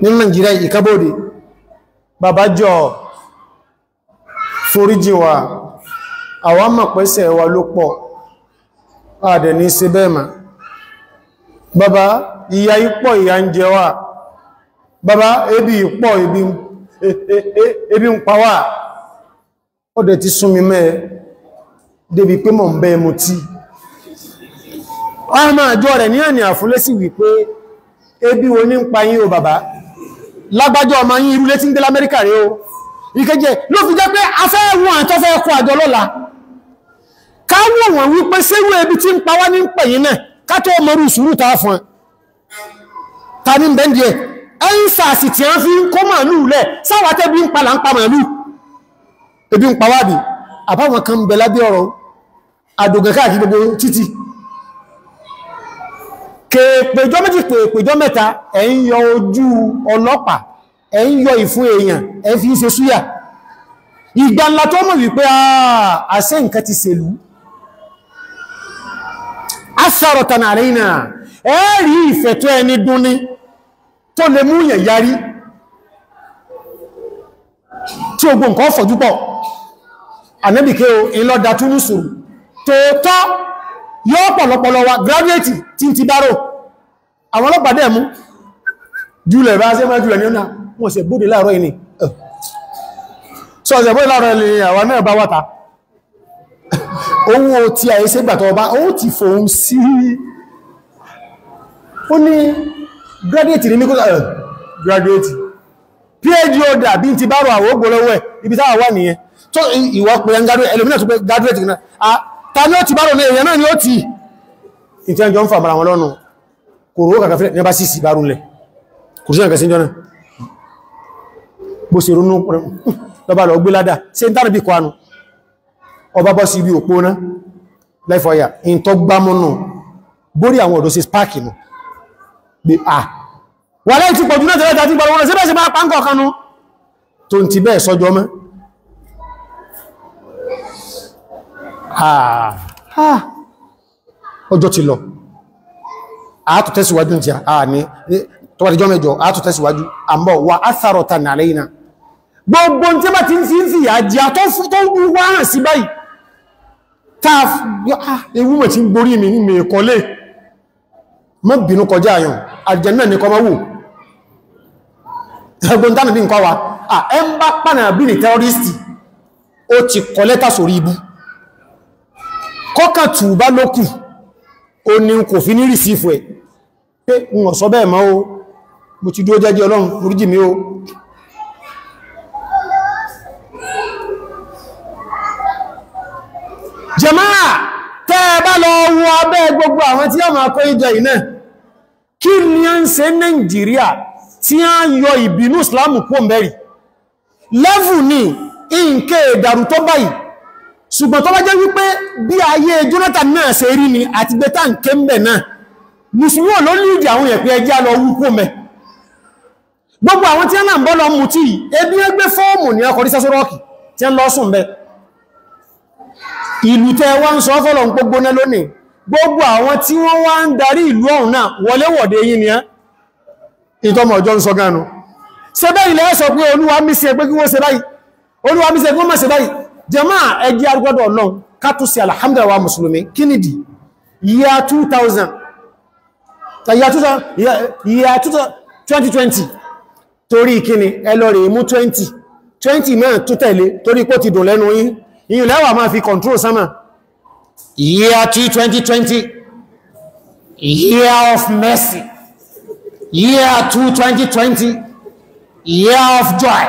ní Nàìjíríà ìkábòdè bàbá jọ wa àwọn mọ̀pẹ́sẹ̀ wa ló pọ̀ àdẹ̀ ní sebẹ́ẹ̀mà bàbá ìyà ipọ̀ ìyà ń jẹ wá bàbá ebi ipọ̀ e, e, ebi ń pa wá ọdẹ̀ ti súnmi mẹ́ débi pé mọ̀ ń bẹ́ mú tí ọmọ àjọ rẹ̀ ní àní àfúnlẹ́sì wípé ebi wo ní ń pa yín o bàbá lágbájọ́ ọmọ yín irúlé tí ń dé l'Amẹ́ríkà rẹ̀ o ìkẹjẹ́ ló fi jẹ́ pé afẹ́ wọn àtọ́fẹ́ ẹkọ àjọ lọ́la káwọ̀ wọ̀n wípé séwé ebi tí ń pa wá ní ń pẹ̀yìn náà kátó ọmọrú sùúrù tàá fún ẹ tàbí bẹ́ndì ẹ̀ ẹ́nsàsì tí a fi ń kó màálù lẹ̀ sáwàtẹ́ bí ń pa là ń pa màálù ebi ń pàwàbí àbáwọn kan bẹ̀ lábẹ́ ọ̀rọ̀ àdògàn káàkiri gbogbo títì kèèpèjọ́ méjì kèèpèjọ́ mẹ́ta ẹ̀ ń yọ ojú ọlọ́pàá ẹ̀ ń yọ ìfún èèyàn ẹ̀ fi ń ṣe súyà ìgbà ńlá tó mọ̀ wípé àṣẹ nǹkan ti ṣèlú ẹ̀rí ìfẹ̀tọ́ ẹni dún ní tó lè mú yẹ̀ yarí tí ogun nǹkan fọ̀júpọ̀ anẹ́bìké o ìlọ́dà túnú sùúrù tòótọ́ yóò pọ̀lọpọ̀lọ wa graduate tí ti bárò àwọn ọlọ́pàá dẹ̀ mú jùlẹ̀ bá ṣe mẹ́jùlẹ̀ ní ọ̀nà wọ́n ṣe bóde láàrọ̀ ìní sọ́ọ̀ṣẹ̀ bóde láàrọ̀ ìní àwọn náà bá wáta owó ti àyẹ́sẹ́gbàtọ̀ ọba ó ti fòun sí ó ní graduate ní mikro ayọ̀ graduate phd order bí n ti bárò àwọn ògbòlówẹ́ ibi táwà wà nìyẹn tó ìwọ pé ẹlòmínà tó pé graduate náà ta ní ó ti bárò ní èèyàn náà ni ó ti ìtẹ́jọ́ ń fàmàrà wọn lọ́nu kò rówó kàkà fílẹ̀ ní ọba sí ìsìbárún lẹ̀ kò sí ẹ̀kẹ́ sí ìjọ́nà bó sì rúnú lọ́bà lọ gbé ládà sí ń tàbí kọ́ánù bọ́ sí ibi òpó náà láìfọ́yà in tó gbámọ́nù borí àwọn ọ̀dọ́ sí spark nù pé à wà láì ti pọ̀jú náà tẹ́lẹ̀ta tí gbọ́rọ̀ wọn síbẹ̀ sí máa pàǹkọ̀ kanú tó ń ti bẹ́ẹ̀ sọ́jọ́ mọ́ ọjọ́ ti lọ àátù tẹ́síwájú ti àní tọwàdíjọ́ mẹ́jọ àátù tẹ́síwájú àmbọ̀ wà átàrọ̀ta nàlẹ́yìnà gbogbo tí bá ti ń fi ń fi yà jí àtọ́ fún tó ń wá hàn sí báyìí tàà ewu mẹ́ ti ń borí mi ní mẹ́ẹ̀kọ́lẹ́ mọ́ bínú kọjá àyàn àjẹ́mẹ́ ní kọmọ́ wù ẹgbọ́n tánàbí ń kọ́ wa à ẹ ń bá pànàbí ní tẹ́rọrìsì ó ti kọ lẹ́tà sórí ibú kọ́kà tù bá lókù ó ní kò fi ní rìsífù ẹ̀ pé ń ọ̀sọ́ bẹ́ẹ̀ mọ́ o mo ti dúó jẹ́jẹ́ ọlọ́run oríjì mi o tẹ́ ẹ bá lọ wo abẹ́ gbogbo àwọn tí a máa kó ìjọ iná kí ni a ń ṣe tí a yọ ìbínú Islam kó mẹ́rì lẹ́fù ni ǹkẹ́ ìdàrú tó báyìí ṣùgbọ́n tó bá jẹ́ wípé bí ayé Jonathan náà ṣe rí ni àti musulmi ló ní ìdí àwọn ẹ̀pẹ́ ẹjá lọ wú gbogbo àwọn tí a náà ebi ẹgbẹ́ fọ́ọ̀mù rí tí ìlú tẹ́ wá ń sọ fọ́lọ̀ gbogbo náà lónìí gbogbo àwọn tí wọ́n wá ń darí ìlú ọ̀hún náà wọléwọ̀dé yìí ni ìtọ́mọ̀ ọjọ́ ń sọ gánu ṣe bẹ́ ilẹ̀ ẹ́sọ pé olúwa mi ṣe pé kí wọ́n ṣe báyìí olúwa mi ṣe pé wọ́n má ṣe báyìí jẹma ẹgbẹ́ arúgbọ́dọ̀ náà kátó sí alhamdulillah musulmi kí nìdí yíya 2000 yíya 2020 torí kíni ẹlọ́rẹ̀ mú 20 20 mẹ́rin tó tẹ̀lé torí pó ti dùn lẹ́nu yìí ìyìn lẹ́wà máa fi control sánmà year 2020 year of mercy year 2020 year of joy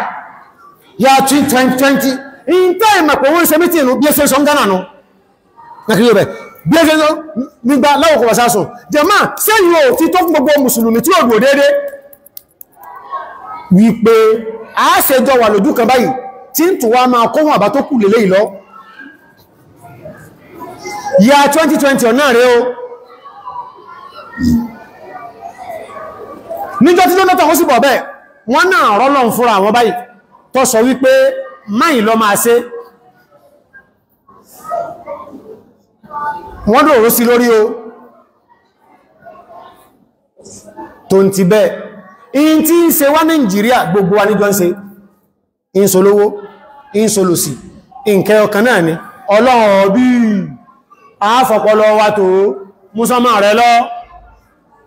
year 2020 in time pẹ̀ wọ́n ṣe mítí ìlú bí ẹsẹ́ sọ ń gánà nù nàkìrí rẹ̀ bí ẹsẹ́ sọ nígbà láwọ̀kọ̀ wàsásùn jẹ́mà sẹ́yìn ò ti tó fún gbogbo mùsùlùmí tí ò dúró déédéé wípé a ṣe jọ wà lójú kan báyìí tí ń tùwà máa kó wọn àbá tó kù lélé ìlọ ya 2020 ọ̀nà rẹ̀ o níjọ́ tí lọ́nà tọ́kọ́ sí bọ̀ bẹ́ẹ̀ wọ́n náà rọ́lọ̀ fúnra àwọn báyìí tó sọ wípé máì lọ máa ṣe wọ́n dòrò sí lórí o tó ń ti bẹ́ẹ̀ in tí ń ṣe wá Nàìjíríà gbogbo wa níjọ́ ń ṣe insolówó insolòsì nkẹ́ ọkàn náà ni ọlọ́run bí àáfọ̀pọ̀lọ wa tó musamman rẹ lọ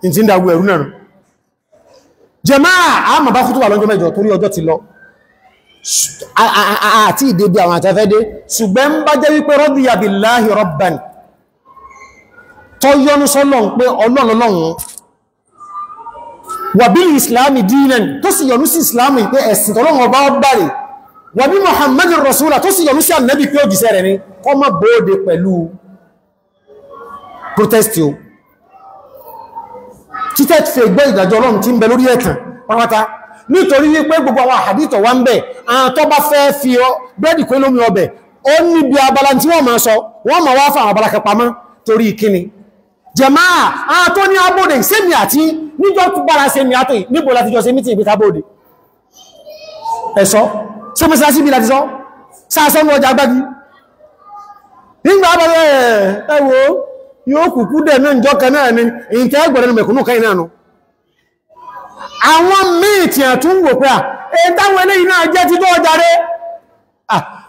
in ti ń dàgbò ẹ̀rú náà jẹmáà àmà bá kútùwà lọ́jọ́ mẹ́jọ torí ọjọ́ ti lọ àti ìdébí àwọn àtẹ́fẹ́dé ṣùgbọ́n bá jẹ́ wípé radiya billahi rabban sọ́lọ́n pé ọlọ́run wàbí ìsìláàmì dínà tó sì yọ̀nú sí ìsìláàmì pé ẹ̀sìn tọ́lọ́wọ́ ọba ọgbàrẹ̀ wàbí Muhammadun Rasulullah tó sì yọ̀nú sí ànábì pé òjìṣẹ́ rẹ̀ ni kọ́ má bóòdè pẹ̀lú protesti o títẹ́ ti fẹ́ gbé ìdájọ́ ọlọ́run tí ń bẹ lórí ẹ̀tàn pátápátá nítorí wípé gbogbo àwọn àdítọ̀ torí ìkíni jẹmáà àtọ́ ní abóde sẹ́mi àti níjọ́ tó bára sẹ́mi àtọ́ níbo láti jọ sẹ́mi tí ìgbé tábóde ẹ̀sọ́ sọ́mọ́sá síbi láti sọ́ sáàsọ́ ní ọjà gbági nígbà abẹ́rẹ́ ẹwọ́ yóò kùkú dẹ̀ náà jọ kan náà ni èyí tẹ́ ẹgbẹ̀rẹ̀ mẹ̀kúnnù kan náà nù àwọn míìtì àtún wò pé à èyí táwọn eléyìí náà jẹ́ ti tó ọjà rẹ̀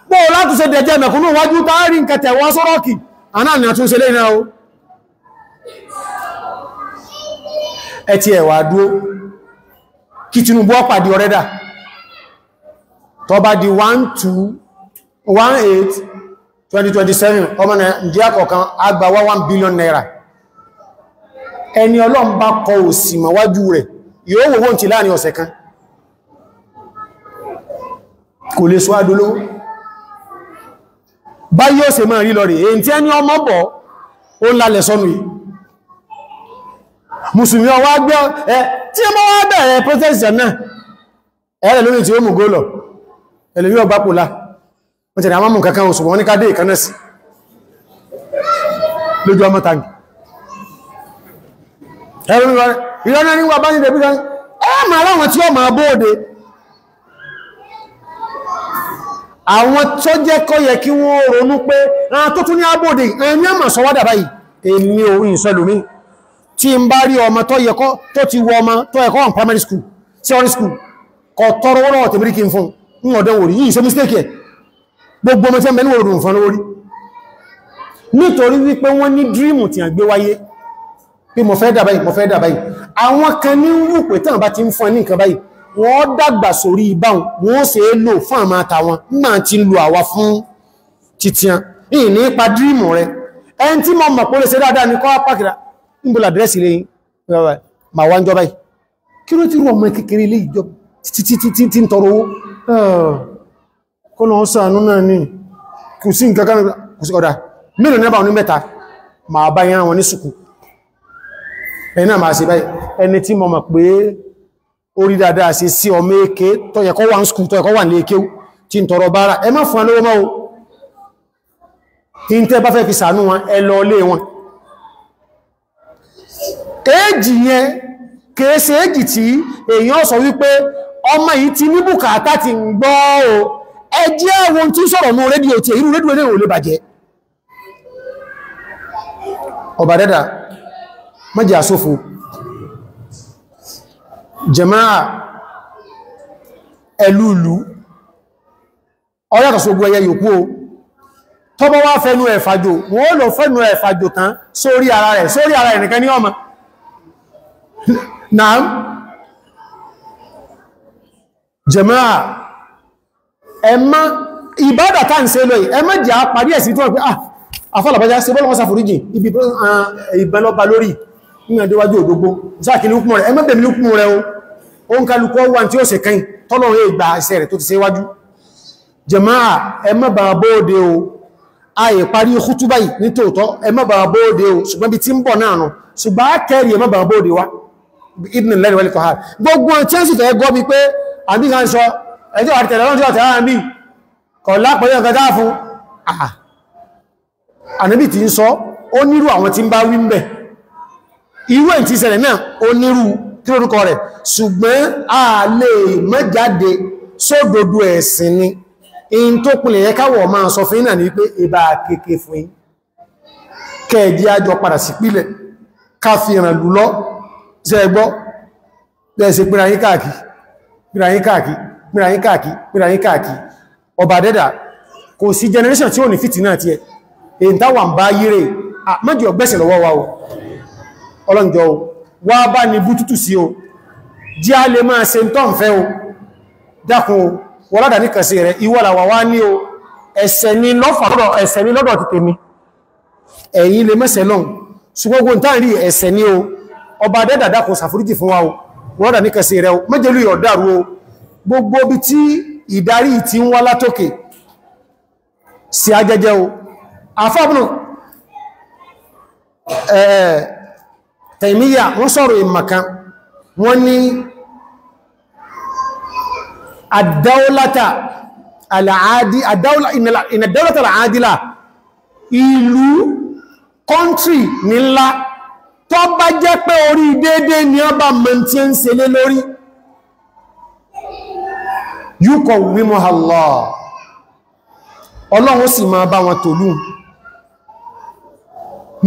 pọ̀ látúnṣe dẹ̀jẹ́ mẹ̀kúnnù wájú táárí nkẹtẹ̀ wọ́n sọ́rọ́kì àná ni àtúnṣe lẹ́yìn náà ẹ̀tí ẹ̀wà dúó kí Tinubu ọpàdé ọ̀rẹ́dà tó bá di 1-2-18-2027 ọmọ Nàìjíríà kọ̀ọ̀kan agbà wá 1 billion naira ẹni ọlọ́run bá kọ òsì mọ̀wájú rẹ̀ yóò wòwó ti láàrin ọ̀sẹ̀ kan kò lè sọ adúlówó báyí ó ṣe máa rí lọ rí èyí tí ẹni ọmọ bọ̀ ó lálẹ̀ sọ́nù yìí mùsùlùmí ọwá gbọ́ ẹ tí ẹ bá wá bẹ̀rẹ̀ protestant náà ẹ̀rẹ̀ lórí tí ó mú gólọ̀ ẹlòmí ọgbà pòlá wọ́n tẹ̀rẹ̀ àwọn mú kankan oṣù wọn ní kádé ìkanẹ́sì lójú ọmọ tagi ìrọ́nà ní wà bá ní dẹ̀bí kan ẹ máa láwọn tí ó máa bóòdé àwọn tó jẹ́ kọ́ yẹ kí wọ́n ronú pé àwọn tó tún ní abóòdé ẹni àmà sọ wádà báyìí èmi ò ìsọlùmí tí ń bá rí ọmọ tó yẹkọ́ tó ti wọ ọmọ tó yẹkọ́ wọn primary school secondary school kọ tọrọ wọ́n wọ́n tẹ̀bírí kí n fún ní ọ̀dọ̀ wòrí yìí ṣe mistake ẹ̀ gbogbo ọmọ tí mẹ́lú òrùn fún lórí nítorí wípé wọ́n ní dream tí a gbé wáyé pé mo fẹ́ dà báyìí mo fẹ́ dà báyìí àwọn kan ní wù pé tán bá ti ń fún ní nǹkan báyìí wọ́n dàgbà sórí ìbáhùn wọ́n ṣe é lò fún àmà àtàwọn mà ti lù àwa fún titian ìní ipa dream rẹ̀ ẹni tí mo mọ̀ pé ó lè ṣe dáadáa ní kọ́ pàkìrà níbo làdírẹ́sì lẹ́yìn ma wá ń jọba yìí kí ló ti rú ọmọ kékeré ilé ìjọ títí ń tọrọ owó ah, kọ́ lọ sàánú náà ní kò sí nǹkan kan kò sí ọ̀dá mélòó nẹ́bà ní mẹ́ta ma bá yẹn wọn ní sùkú ẹni náà ma ṣe báyìí ẹni tí mo mọ̀ pé orí dáadáa ṣe sí ọmọ èké tọ́yẹ̀kọ́ wà ń sùkú tọ́yẹ̀kọ́ wà ní èké tí ń tọrọ bára ẹ má fún alówó mọ́ o tí ń tẹ́ bá fẹ́ fi sàánú wọn ẹ lọ lé wọn èjì yẹn kèése èjì tí èyàn sọ wípé ọmọ yìí ti ní bùkátà ti ń gbọ́ o ẹjẹ́ àwọn tí sọ̀rọ̀ mú rédíò tí irú rédíò léò lè ọba dẹ́dà mọ́jẹ́ asofo jẹmáà ẹlúùlú ọlọ́tọ̀ sógún ẹyẹ yòókù o tọ́bọ́ wá fẹ́nu ẹ̀fàjò wọ́n lọ fẹ́nu ẹ̀fàjò tán sórí ara rẹ̀ sórí ara náà jẹ̀mọ́ra ẹmọ́ ìbádà tàà ń ṣe lọ yìí ẹmọ́ jẹ́ àparí ẹ̀sì ah, tó wọ́n pé àfọ́lọ̀bájá sí bọ́lọ́wọ́sá foríjì ibi ìbẹ̀lọ́bà lórí ìrìnàdíwájú òdógbó sáàkì lúkùn rẹ̀ ẹmọ́ bẹ̀mí lúkùn rẹ̀ o ń kálukọ́ wà tí ó ṣe kẹ́yìn tọ́lọ̀rẹ́ ìgbà iṣẹ́ rẹ̀ tó ti ṣe wájú jẹ̀máà ẹmọ́ bàbá bóòdé o ààyè parí khutubá yìí nítòótọ́ ẹmọ́ bàbá bóòdé o ṣùgbọ́n bí tí ń bọ̀ náà nù ṣùgbọ́n á kẹ́rì ẹmọ́ bàbá bóòdé wa ibn lẹ́nu wẹ́lẹ̀ kọ̀há gbogbo tí ó sì fẹ́ gọ́ bí pé àbí kan sọ ẹjọ́ àti tẹ̀lẹ̀ lọ́jọ́ tẹ̀lẹ̀ àmì kọ̀ lápẹ̀lẹ̀ ọ̀gá dáa fún àà ànábì tí ń sọ ó nírú àwọn tí ń bá wí ń bẹ̀ irú ẹ̀ tí ṣẹlẹ̀ náà ó nírú kí lórúkọ rẹ̀ ṣùgbọ́n a lè mẹ́jáde sódodo ẹ̀sìn ni in tó pinlẹ̀ yẹ káwọ̀ máa sọ fún náà ni pé ìbá kéèké fún kẹ́ẹ̀dí àjọ padà sípìlẹ̀ ká fi ràn lú ṣe ẹgbọ́ lẹ́ẹ̀sẹ̀ pírayín káàkì pírayín káàkì pírayín káàkì pírayín káàkì ọba dẹ́dà kò sí generation tí ó ní fìtì náà tí ẹ èyí táwà ń bá yíre mọ́jì ọgbẹ́sẹ̀ lọ́wọ́ wa o ọlọ́njọ́ o wá bá ní bútútù sí o jí a lè máa ṣe tọ́ fẹ́ o dákun o wọ́ládà ní kàṣẹ rẹ̀ ìwọ́làwà wá ní o ẹ̀ṣẹ̀ ni lọ́dọ̀ ti tèmi ẹ̀yin lè mẹ́sẹ̀ lọ́n ṣùgbọ́n gbọ́n táà rí ẹ̀ṣẹ̀ ni o ọba dẹ́dàdá kò sàfúríjì fún wa o wọ́n dà ní kẹsì rẹ̀ o méjèlú yọ̀dàrú o gbogbo bí tí ìdarí ti ń wá látókè sí ajẹ́jẹ́ o àfábùnù tẹ̀míyà wọ́n sọ̀rọ̀ ìmàkan wọ́n ní àdáólátà àlàádí àdáólátà ìlú kọ́ntì nílá tó bá jẹ́ pé orí déédéé ni ọ bá mọ̀ tí ń ṣe lé lórí yúkọ̀ wímọ̀ Allah ọlọ́run sì máa bá wọn tòlú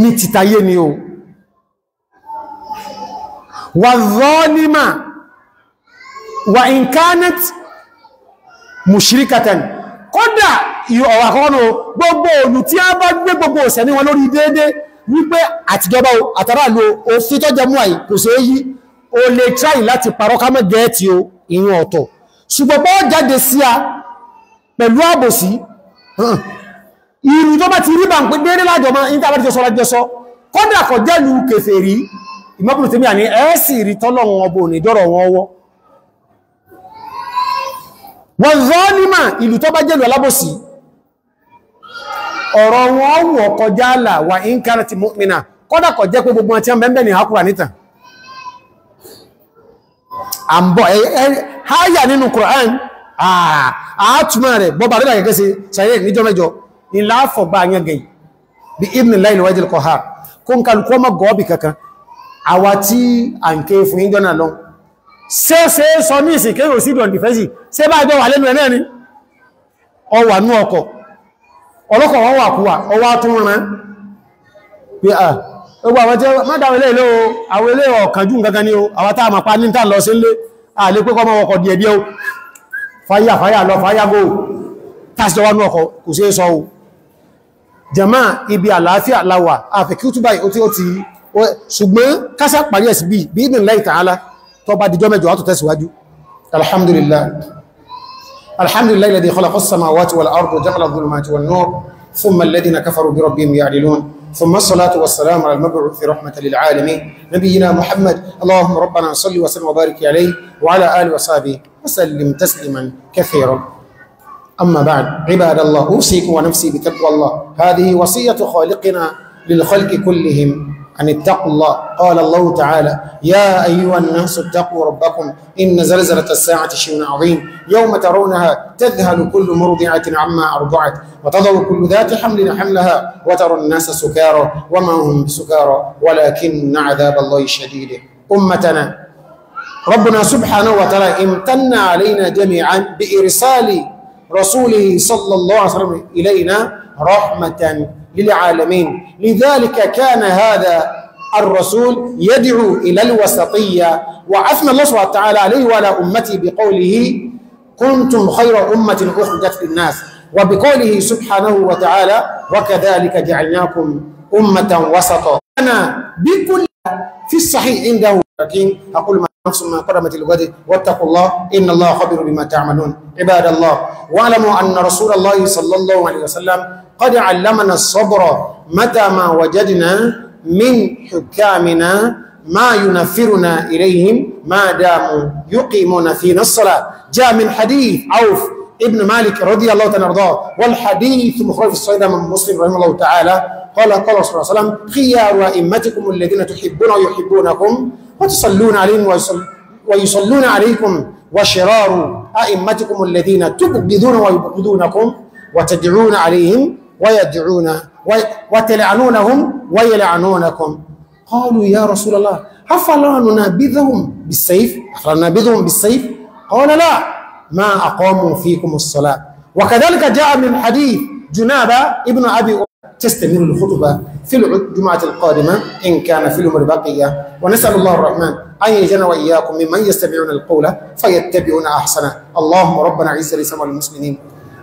ní títayé ni o wà zọ́ọ́nímà wà incarnate mushrikatan kódà ìwà kọ́nà gbogbo olù tí a bá gbé gbogbo òsẹ̀ ní wọn lórí déédéé wípé àtìjọba àtàràlò òfin tó jẹ mú àyí kò sí èyí o lè tráì láti parọ́ ká mọ́ gẹ́ẹ̀tì o ìyún ọ̀tọ̀ ṣùgbọ́n bọ́ jáde sí a pẹ̀lú àbòsí irú tó bá ti rí bá ń pín dérí lájọmọ́ ní tàbí jẹ́sọ́ lájẹ́sọ́ ọ̀rọ̀ wọn wọ̀ kọjá àlà wà ń kára ti mọ́mìnà kọ́dà kọ̀ jẹ́ pé gbogbo ọ̀tí ọmọ ní àkúrà níta àmbọ̀ ẹ̀yà nínú Qur'an àátùmọ̀ rẹ̀ bọ́bà rẹ̀ gẹ́gẹ́ sí sàyẹ̀ níjọ́ mẹ́jọ ìlàáfọ̀gbà ayẹ́gẹ̀ bí ibn láìlú wájẹ́ kọ̀há kó ń kalùkọ́ mọ́ gọ́ọ̀bì kankan àwa tí à ń ké fún ìjọ náà lọ ṣe bá ọwà nú ọkọ̀ ọlọ́kọ̀ wọ́n wà kúwà ọwá tún rán pé à ọgbà àwọn tí ó mọ́dá ilé ilé o àwọn ilé ọ̀kànjú gangan ni o àwọn táàmà pa ní tàà lọ sí ilé àlé pé kọmọ ọkọ̀ díẹ̀ díẹ̀ o fàyà fàyà lọ fàyà go tàṣíjọ wánú ọkọ̀ kò sí sọ o jàmá ibi àlàáfíà láwà àfẹ́kí ó túbà tí ó ti ṣùgbọ́n kásà parí ẹ̀sì bí bí ìdìnlẹ́ ìtàhálà tó bá dijọ́ mẹ́jọ á alhamdulillah الحمد لله الذي خلق السماوات والأرض وجعل الظلمات والنور ثم الذين كفروا بربهم يعدلون ثم الصلاة والسلام على المبعوث رحمة للعالمين نبينا محمد اللهم ربنا صل وسلم وبارك عليه وعلى آله وصحبه وسلم تسليما كثيرا أما بعد عباد الله أوصيكم ونفسي بتقوى الله هذه وصية خالقنا للخلق كلهم أن اتقوا الله قال الله تعالى يا أيها الناس اتقوا ربكم إن زلزلة الساعة شيء عظيم يوم ترونها تذهل كل مرضعة عما أرضعت وتضع كل ذات حمل حملها وترى الناس سكارى وما هم بسكارى ولكن عذاب الله شديد أمتنا ربنا سبحانه وتعالى امتن علينا جميعا بإرسال رسوله صلى الله عليه وسلم إلينا رحمة للعالمين لذلك كان هذا الرسول يدعو إلى الوسطية وعثنا الله سبحانه وتعالى عليه وعلى أمتي بقوله كنتم خير أمة أخرجت للناس وبقوله سبحانه وتعالى وكذلك جعلناكم أمة وسطا أنا بكل في الصحيح عنده لكن أقول ما نفس ما قدمت الغد واتقوا الله إن الله خبير بما تعملون عباد الله واعلموا أن رسول الله صلى الله عليه وسلم قد علمنا الصبر متى ما وجدنا من حكامنا ما ينفرنا إليهم ما داموا يقيمون فينا الصلاة جاء من حديث عوف ابن مالك رضي الله تعالى عنه والحديث مخرج الصحيح من مسلم رحمه الله تعالى قال قال صلى الله عليه وسلم خيار أئمتكم الذين تحبون ويحبونكم وتصلون عليهم ويصلون عليكم وشرار أئمتكم الذين تبغضون ويبغضونكم وتدعون عليهم ويدعون وتلعنونهم ويلعنونكم قالوا يا رسول الله أفلا ننابذهم بالسيف أفلا ننابذهم بالسيف قال لا ما أقاموا فيكم الصلاة وكذلك جاء من حديث جنابة ابن أبي تستمر الخطبة في الجمعة القادمة إن كان في الأمر الباقية ونسأل الله الرحمن أن يجعلنا وإياكم ممن يستمعون القول فيتبعون أحسنه اللهم ربنا عز لسوى المسلمين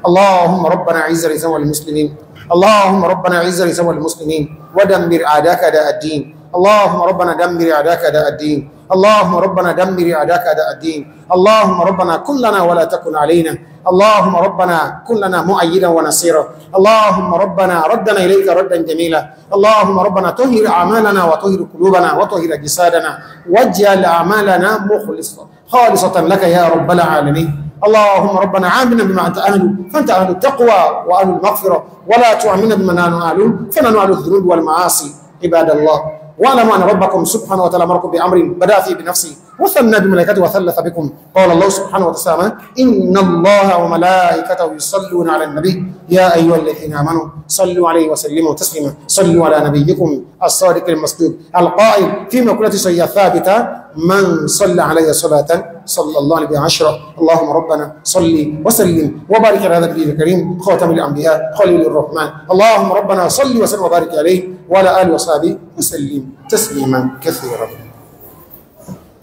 اللهم ربنا عز لسوى المسلمين اللهم ربنا عز لسوى المسلمين ودمر أعداءك أداء الدين اللهم ربنا دمر أعداءك أداء الدين اللهم ربنا دمر أعداءك أداء الدين اللهم ربنا كن لنا ولا تكن علينا اللهم ربنا كن لنا مؤيدا ونصيرا اللهم ربنا ردنا إليك ردا جميلا اللهم ربنا طهر أعمالنا وطهر قلوبنا وطهر جسادنا واجعل أعمالنا مخلصة خالصة لك يا رب العالمين اللهم ربنا عاملنا بما أنت أهل فأنت أهل التقوى وأهل المغفرة ولا تعاملنا بما نعلم أهل الذنوب والمعاصي عباد الله واعلموا ان ربكم سبحانه وتعالى امركم بامر بدا فيه بنفسه وسمنا بملائكته وثلث بكم قال الله سبحانه وتعالى إن الله وملائكته يصلون على النبي يا أيها الذين آمنوا صلوا عليه وسلموا تسليما صلوا على نبيكم الصادق المصدوق القائل في مقولة سيئه ثابتة من صلى علي صلاة صلى الله عليه عشرة اللهم ربنا صلي وسلم وبارك على هذا النبي الكريم خاتم الأنبياء خليل الرحمن اللهم ربنا صلي وسلم وبارك عليه وعلى آله وصحبه وسلم تسليما كثيرا